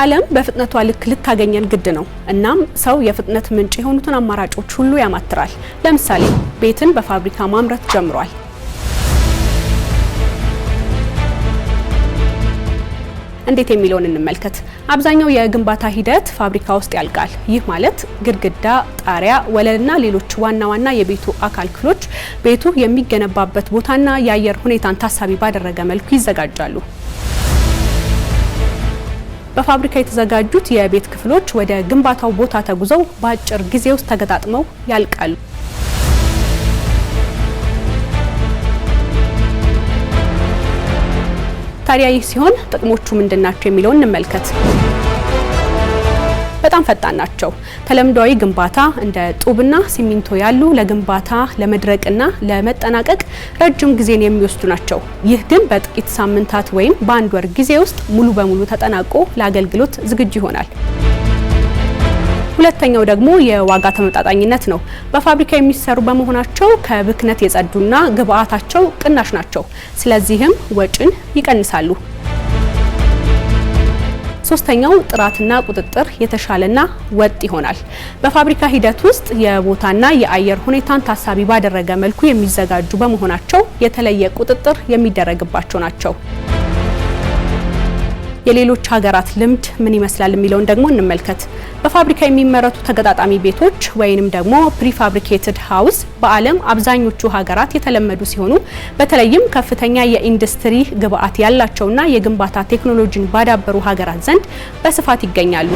ዓለም በፍጥነቷ ልክ ልታገኘን ግድ ነው። እናም ሰው የፍጥነት ምንጭ የሆኑትን አማራጮች ሁሉ ያማትራል። ለምሳሌ ቤትን በፋብሪካ ማምረት ጀምሯል። እንዴት የሚለውን እንመልከት። አብዛኛው የግንባታ ሂደት ፋብሪካ ውስጥ ያልቃል። ይህ ማለት ግድግዳ፣ ጣሪያ፣ ወለልና ሌሎች ዋና ዋና የቤቱ አካል ክፍሎች ቤቱ የሚገነባበት ቦታና የአየር ሁኔታን ታሳቢ ባደረገ መልኩ ይዘጋጃሉ። በፋብሪካ የተዘጋጁት የቤት ክፍሎች ወደ ግንባታው ቦታ ተጉዘው በአጭር ጊዜ ውስጥ ተገጣጥመው ያልቃሉ። ታዲያ ይህ ሲሆን ጥቅሞቹ ምንድናቸው? የሚለውን እንመልከት። በጣም ፈጣን ናቸው። ተለምዷዊ ግንባታ እንደ ጡብና ሲሚንቶ ያሉ ለግንባታ ለመድረቅና ለመጠናቀቅ ረጅም ጊዜን የሚወስዱ ናቸው። ይህ ግን በጥቂት ሳምንታት ወይም በአንድ ወር ጊዜ ውስጥ ሙሉ በሙሉ ተጠናቆ ለአገልግሎት ዝግጁ ይሆናል። ሁለተኛው ደግሞ የዋጋ ተመጣጣኝነት ነው። በፋብሪካ የሚሰሩ በመሆናቸው ከብክነት የጸዱና ግብአታቸው ቅናሽ ናቸው። ስለዚህም ወጪን ይቀንሳሉ። ሶስተኛው ጥራትና ቁጥጥር የተሻለና ወጥ ይሆናል። በፋብሪካ ሂደት ውስጥ የቦታና የአየር ሁኔታን ታሳቢ ባደረገ መልኩ የሚዘጋጁ በመሆናቸው የተለየ ቁጥጥር የሚደረግባቸው ናቸው። የሌሎች ሀገራት ልምድ ምን ይመስላል የሚለውን ደግሞ እንመልከት። በፋብሪካ የሚመረቱ ተገጣጣሚ ቤቶች ወይንም ደግሞ ፕሪፋብሪኬትድ ሀውስ በዓለም አብዛኞቹ ሀገራት የተለመዱ ሲሆኑ በተለይም ከፍተኛ የኢንዱስትሪ ግብዓት ያላቸውና የግንባታ ቴክኖሎጂን ባዳበሩ ሀገራት ዘንድ በስፋት ይገኛሉ።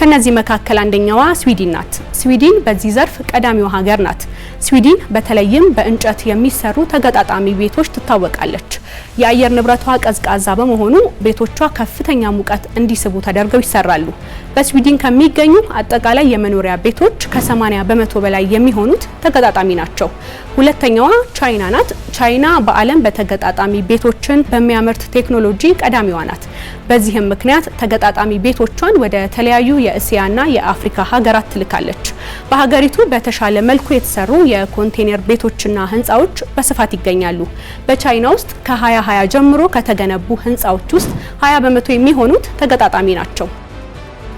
ከነዚህ መካከል አንደኛዋ ስዊድን ናት። ስዊድን በዚህ ዘርፍ ቀዳሚዋ ሀገር ናት። ስዊድን በተለይም በእንጨት የሚሰሩ ተገጣጣሚ ቤቶች ትታወቃለች። የአየር ንብረቷ ቀዝቃዛ በመሆኑ ቤቶቿ ከፍተኛ ሙቀት እንዲስቡ ተደርገው ይሰራሉ። በስዊድን ከሚገኙ አጠቃላይ የመኖሪያ ቤቶች ከ80 በመቶ በላይ የሚሆኑት ተገጣጣሚ ናቸው። ሁለተኛዋ ቻይና ናት። ቻይና በዓለም በተገጣጣሚ ቤቶችን በሚያመርት ቴክኖሎጂ ቀዳሚዋ ናት። በዚህም ምክንያት ተገጣጣሚ ቤቶቿን ወደ ተለያዩ የእስያና የአፍሪካ ሀገራት ትልካለች። በሀገሪቱ በተሻለ መልኩ የተሰሩ የኮንቴነር ቤቶችና ህንፃዎች በስፋት ይገኛሉ። በቻይና ውስጥ ከ2020 ጀምሮ ከተገነቡ ህንፃዎች ውስጥ 20 በመቶ የሚሆኑት ተገጣጣሚ ናቸው።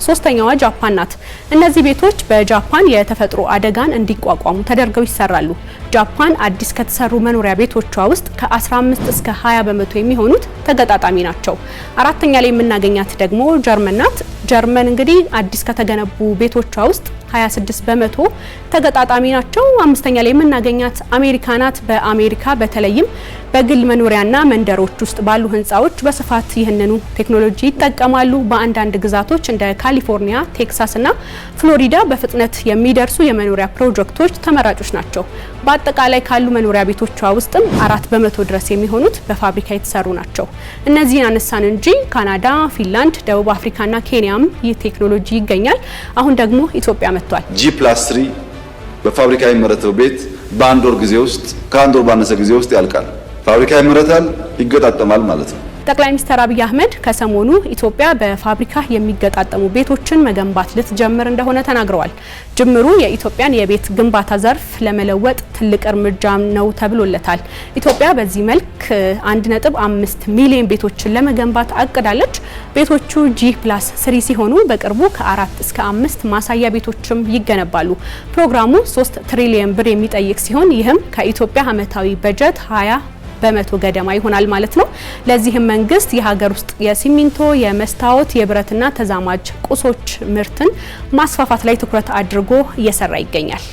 ሶስተኛዋ ጃፓን ናት። እነዚህ ቤቶች በጃፓን የተፈጥሮ አደጋን እንዲቋቋሙ ተደርገው ይሰራሉ። ጃፓን አዲስ ከተሰሩ መኖሪያ ቤቶቿ ውስጥ ከ15 እስከ 20 በመቶ የሚሆኑት ተገጣጣሚ ናቸው። አራተኛ ላይ የምናገኛት ደግሞ ጀርመን ናት። ጀርመን እንግዲህ አዲስ ከተገነቡ ቤቶቿ ውስጥ 26 በመቶ ተገጣጣሚ ናቸው። አምስተኛ ላይ የምናገኛት አሜሪካ ናት። በአሜሪካ በተለይም በግል መኖሪያና መንደሮች ውስጥ ባሉ ህንፃዎች በስፋት ይህንኑ ቴክኖሎጂ ይጠቀማሉ። በአንዳንድ ግዛቶች እንደ ካሊፎርኒያ፣ ቴክሳስና ፍሎሪዳ በፍጥነት የሚደርሱ የመኖሪያ ፕሮጀክቶች ተመራጮች ናቸው። በአጠቃላይ ካሉ መኖሪያ ቤቶቿ ውስጥም አራት በመቶ ድረስ የሚሆኑት በፋብሪካ የተሰሩ ናቸው። እነዚህን አነሳን እንጂ ካናዳ፣ ፊንላንድ፣ ደቡብ አፍሪካና ኬንያም ይህ ቴክኖሎጂ ይገኛል። አሁን ደግሞ ኢትዮጵያ መጥቷል። ጂ ፕላስ 3 በፋብሪካ የሚመረተው ቤት በአንድ ወር ጊዜ ውስጥ ከአንድ ወር ባነሰ ጊዜ ውስጥ ያልቃል። ፋብሪካ ይመረታል፣ ይገጣጠማል ማለት ነው። ጠቅላይ ሚኒስትር አብይ አህመድ ከሰሞኑ ኢትዮጵያ በፋብሪካ የሚገጣጠሙ ቤቶችን መገንባት ልትጀምር እንደሆነ ተናግረዋል። ጅምሩ የኢትዮጵያን የቤት ግንባታ ዘርፍ ለመለወጥ ትልቅ እርምጃ ነው ተብሎለታል። ኢትዮጵያ በዚህ መልክ 1.5 ሚሊዮን ቤቶችን ለመገንባት አቅዳለች። ቤቶቹ ጂ ፕላስ ስሪ ሲሆኑ በቅርቡ ከአራት እስከ አምስት ማሳያ ቤቶችም ይገነባሉ። ፕሮግራሙ 3 ትሪሊየን ብር የሚጠይቅ ሲሆን ይህም ከኢትዮጵያ ዓመታዊ በጀት 20 በመቶ ገደማ ይሆናል ማለት ነው። ለዚህም መንግስት የሀገር ውስጥ የሲሚንቶ፣ የመስታወት፣ የብረትና ተዛማጅ ቁሶች ምርትን ማስፋፋት ላይ ትኩረት አድርጎ እየሰራ ይገኛል።